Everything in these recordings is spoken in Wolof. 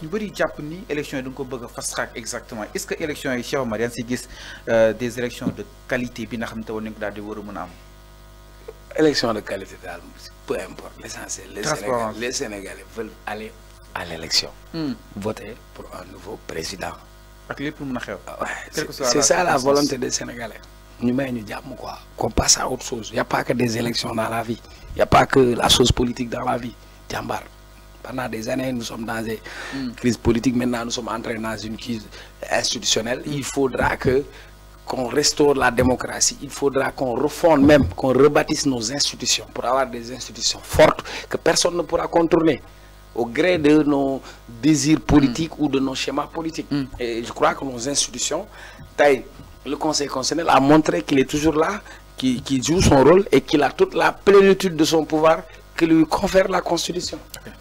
Nous voulons dit élection exactement est-ce que élection Cheikh euh, des élections de qualité élection de qualité peu importe l'essentiel les Sénégalais veulent aller à l'élection hmm. voter pour un nouveau président. Ah c'est ça la volonté des Sénégalais. nous may ñu quoi. qu'on passe à autre chose Il n'y a pas que des élections dans la vie il n'y a pas que la chose politique dans la vie Diambar pendant des années, nous sommes dans une hmm. crise politique. Maintenant, nous sommes entrés dans une crise institutionnelle. Il faudra que qu'on restaure la démocratie. Il faudra qu'on refonde même, qu'on rebâtisse nos institutions pour avoir des institutions fortes que personne ne pourra contourner au gré de nos désirs politiques hmm. ou de nos schémas politiques. Hmm. Et je crois que nos institutions, le Conseil constitutionnel a montré qu'il est toujours là, qu'il joue son rôle et qu'il a toute la plénitude de son pouvoir que lui confère la Constitution.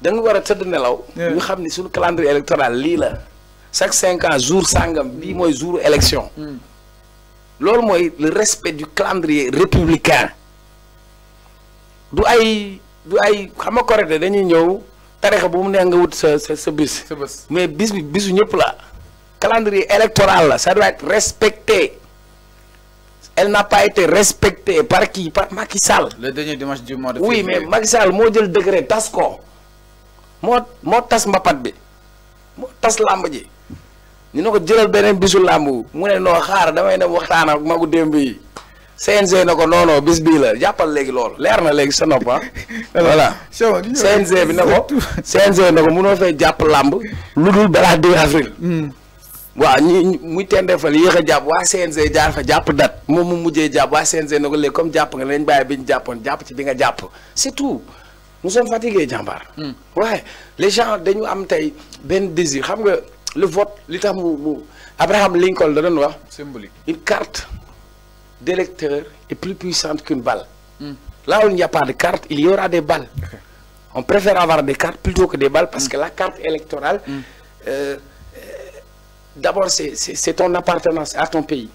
da nga war a ñu suñu calendrier électoral lii la chaque cinq ans jour sangam bii mooy jour élection. Hmm. loolu mooy le respect du calendrier républicain du ay du ay xam nga correcte dañuy ñëw tarixa bu mu neex nga wut sa sa bis. mais bis bi bisu ñëpp la. calendrier électoral ça doit être respecté. Elle n'a pas été respectée par qui Par Macky Sall. Le dernier dimanche du mois de février. Oui, mais Macky Sall, moi, le degré TASCO. moo moo tas mbapat bi moo tas làmb ji ñu ne ko jëlal beneen bisu làmb mu ne noo xaar damay dem waxtaan ak magu démb yi CNG na ko non non bis bii la jàppal léegi lool leer na léegi sa nopp ah voilà CNG bi na ko CNG na mënoo fee jàpp làmb lu dul balaa deux avril hmm. waaw ñi muy tendeefal yéex a jàpp waa CNG jaar fa jàpp dat moom mu mujjee jàpp waa CNG na ko léegi comme jàpp nga lañ bàyyi bi ñu jàppoon jàpp ci bi nga jàpp c'est tout nous sommes fatigués Djambar. Hmm. Ouais. les gens nous am tey ben désir le vote l'État. Abraham Lincoln da symbolique une carte d'électeur est plus puissante qu'une balle. Hmm. là où il n'y a pas de carte il y aura des balles. on préfère avoir des cartes plutôt que des balles parce hmm. que la carte électorale. Euh, euh, d'abord c'est c'est ton appartenance à ton pays.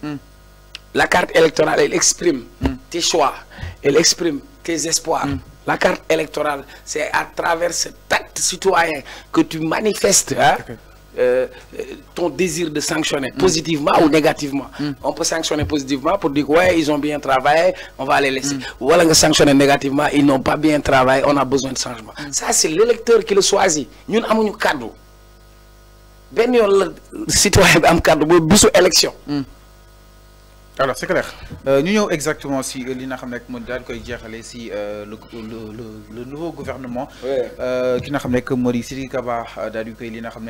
la carte électorale elle exprime. tes choix elle exprime tes espoirs. La carte électorale, c'est à travers cet acte citoyen que tu manifestes hein, euh, euh, ton désir de sanctionner, mm. positivement ou négativement. Mm. On peut sanctionner positivement pour dire, ouais, ils ont bien travaillé, on va les laisser. Mm. Ou alors sanctionner négativement, ils n'ont pas bien travaillé, on a besoin de changement. Ça, c'est l'électeur qui le choisit. Nous avons un cadeau. Ben, le citoyen a un cadeau, élection alors c'est clair euh, ñu ñëw exactement si euh, li nga xam ne moo koy si euh, le le le nouveau gouvernement ki nga xam que moo di Sidiki Kaba daal di koy li nga xam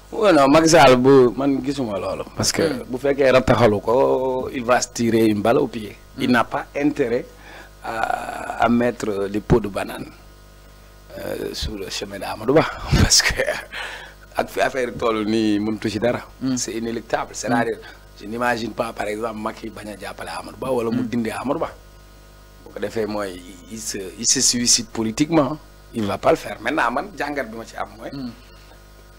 non Macky Sall bu man gisuma parce que hmm. bu fekkee rattaxalu ko il va se tirer une balle au pied. il hmm. n'a pas intérêt à à mettre les pots de banane euh, sur le chemin d'Amadou parce que ak fi affaire de nii ni dara. Hmm. c'est inéluctable c'est-à-dire je n'imagine pas par exemple Macky Banyadja a jàppale Amadou Ba wala mu dindi Amadou Ba bu il se il se suicide politiquement il ne va pas le faire maintenant man jàngat bi ma ci am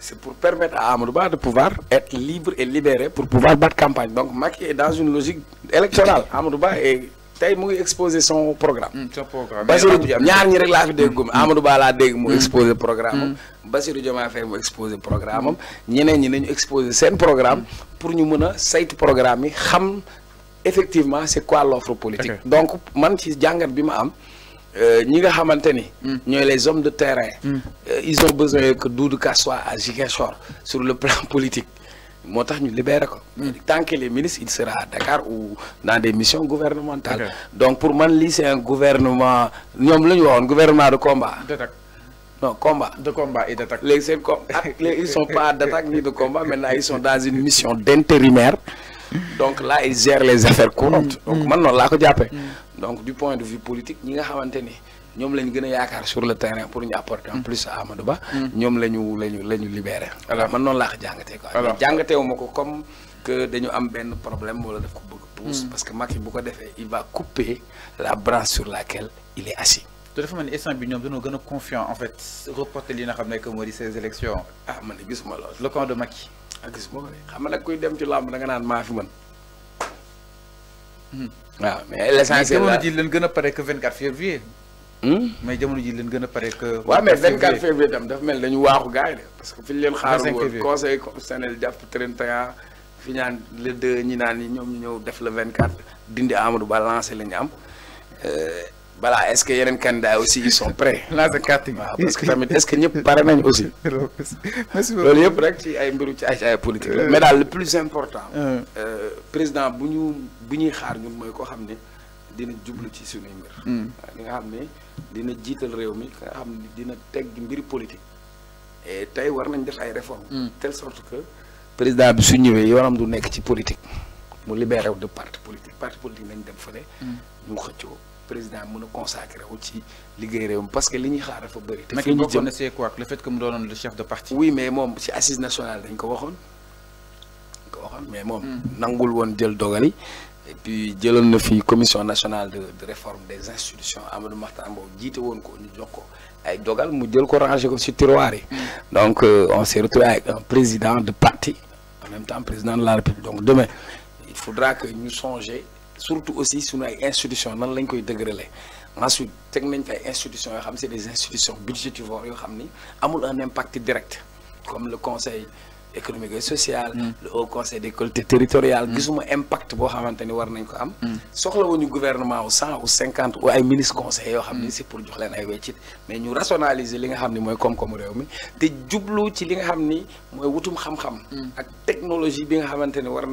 c'est pour permettre à de pouvoir être libre et libéré pour pouvoir battre campagne. Donc Macky est dans une logique électorale. Amadouba est exposé son programme. Mm, son programme mm, mm. Diomaye a programme programme programme pour programme effectivement c'est quoi l'offre politique. donc euh, hmm. les hommes de terrain. Hmm. Euh, ils ont besoin que Doudou soit à sur le plan politique Motax ñu hmm. tant que les ministres ils sera à Dakar ou dans des missions gouvernementales. donc pour moi c'est un gouvernement ñom gouvernement de combat. non combat. de combat et d'attaque. Les, ah, ils sont pas d'attaque ni de combat maintenant ils sont dans une mission d'intérimaire donc là ils gèrent les affaires courantes. donc man là la ko donc du point de vue politique ñi nga xamante ni ñoom lañ gën a yaakaar sur le terrain pour ñu apporter en mm. plus à Amadou Ba. Mm. ñoom la libérer. la ñu la ñu libéré. alors man noonu laa ko jàngatee quoi. ma ko comme que dañu am benn problème wala daf ko bëgg mm. parce que Macky bu ko defee il va couper la branche sur laquelle il est assis. te dafa mel ni instant bi ñoom dañoo gën a en fait reporter li nga xam ne que moo ces élections. ah man de gisuma loolu. le camp de Macky. ah gisuma ko de xam nga nag kuy dem ci làmb da nga naan maa fi mën. waaw hmm. ah, mais l' essentiel la jamono ji leen gën a pare que 24 février. Hmm? mais jamono ji leen gën a pare que. waaw mais 24 février tam dafa mel dañu waaxu gars yi de parce que fi ñu leen xaar woon conseil constitutionnel jàpp 31 fi ñaan le 2 ñi naan ñoom ñëw def le 24 dindi Amadou Ba lancé la ñu am. Euh, voilà est-ce que yeneen candidats aussi ils sont prêts. Là, carte gi waaw parce que tamit est-ce que ñëpp pare nañ aussi. merci beaucoup loolu yëpp rek ci ay mbiru ci ay politique mais là, le plus important. Euh. Euh, président buñu buñuy xaar ñun moy ko xamné dina djublu ci suñuy mbir. li mm. nga xamné dina jital réew mi nga xam dina teg mbir politique. et tay war nañ def ay réformes. Mm. telle sorte que président bi su ñëwee yoonam du nekk ci politique mu libéré de parti politique parti politique nañ dem feulé ñu mm. xëccoo président mën consacrer consacré wu ci liggéey parce que li ñuy xaar dafa bëri. te fi ñu jëm quoi le fait que mu donone le chef de parti. oui mais mom ci assise nationale dañ ko waxone ko waxoon mais mom hmm. nangul won jël et puis jëloon na fi commission nationale de de réforme des institutions Amadou Mahtar Mbow won ko ñu jox ko ay dogal mu jël ko ranger ko ci tiroir hmm. donc euh, on s'est retrouvé avec un président de parti en même temps président de la République donc demain il faudra que nous songer surtout aussi suñu ay institution nan lañ koy dëgërale ensuite teg nañ fi institutions c'est des institutions budgétivores yoo xam amul un impact direct comme le conseil économique et social. Mm. le haut conseil des collectivités territoriales. Mm. gisuma impact boo xamante ni war nañ ko am. Mm. soxlawuñu gouvernement wu cent ou cinquante ou un ministre-conseil, c'est pour jox leen ay mais nous rationaliser les nga xam comme mooy koom-koomu réew mi te jublu ci li nga wutum technologie bi nga xamante war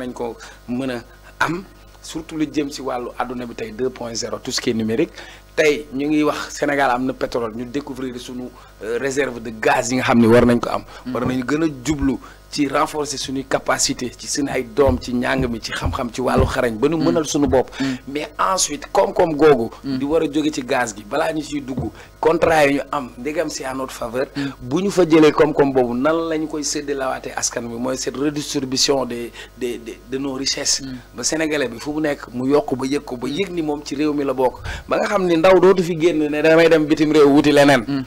am surtout lu jëm si wàllu àdduna bi tey 2.0 tout ce qui est numérique tay ñu ngi wax Sénégal am pétrole ñu découvrir nos euh, réserve de gaz yi nga xam war nañ ko am. war nañu jublu ci renforcer suñuy capacité ci suñu ay doom ci njàng mi ci xam-xam ci wàllu xarañ ba nu mm. mënal suñu bopp mm. mais ensuite koom-koom googu mm. di war a jóge ci gaz gi balaa ñu siy dugg contrat yi ñu am ndegam si à notre faveur bu ñu fa jëlee koom-koom boobu nan lañu koy séddalawaatee askan bi mooy cette redistribution des des de nos richesses ba sénégalais bi fu mu nekk mu yokk ba yëg ko ba yëg ni moom ci réew mi la bokk ba nga xam ni ndaw dootu fi génn ne damay dem bitim réew wuti leneen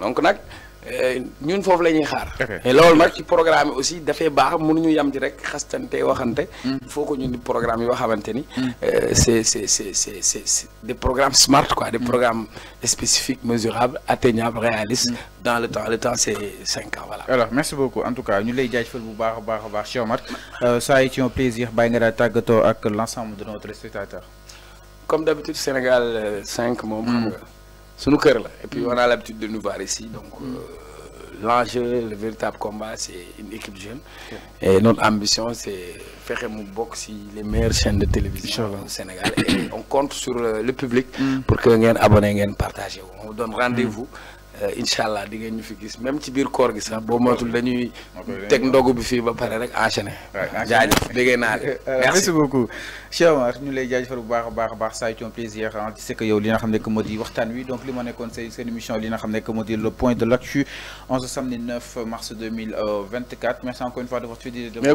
donc nag Euh, ñun fofu lañuy xaar. et loolu nag ci programme aussi dafay baax ñu yam di rek xastante waxante. Hmm. faut que ñun di programme yo xamante ni. c' est c' c' c' des programmes smart quoi des hmm. programmes spécifiques mesurables atteignables réalistes. Hmm. dans le temps le temps c'est 5 ans voilà. alors merci beaucoup en tout cas ñu lay feul bu baax a baax a baax Cheikh euh, ça a été un plaisir bàyyi nga daal avec ak l'ensemble de notre spectateur. comme d'habitude, Sénégal 5 euh, mom xam nous cœur là et puis mm. on a l'habitude de nous voir ici donc mm. euh, l'enjeu le véritable combat c'est une équipe jeune et notre ambition c'est faire mu box sur les meilleures chaînes de télévision au Sénégal et on compte sur euh, le public mm. pour que ngeen abonné ngeen partagé on vous donne rendez-vous eh, inshallah di ngeen ñu fi gis même ci biir koor gi sax bo matul dañuy tek ndogu bi fi ba paré rek enchaîné jaajëf euh, merci beaucoup Cheikh Omar ñu lay jaajëfal bu baax a baax un baax saa plaisir c'est hein. que yow li nga xamné que modi waxtan wi donc li ma conseil c'est une émission li nga xamné que modi le point de l'actu en ce samedi 9 mars 2024 euh, merci encore une fois de votre fidélité mais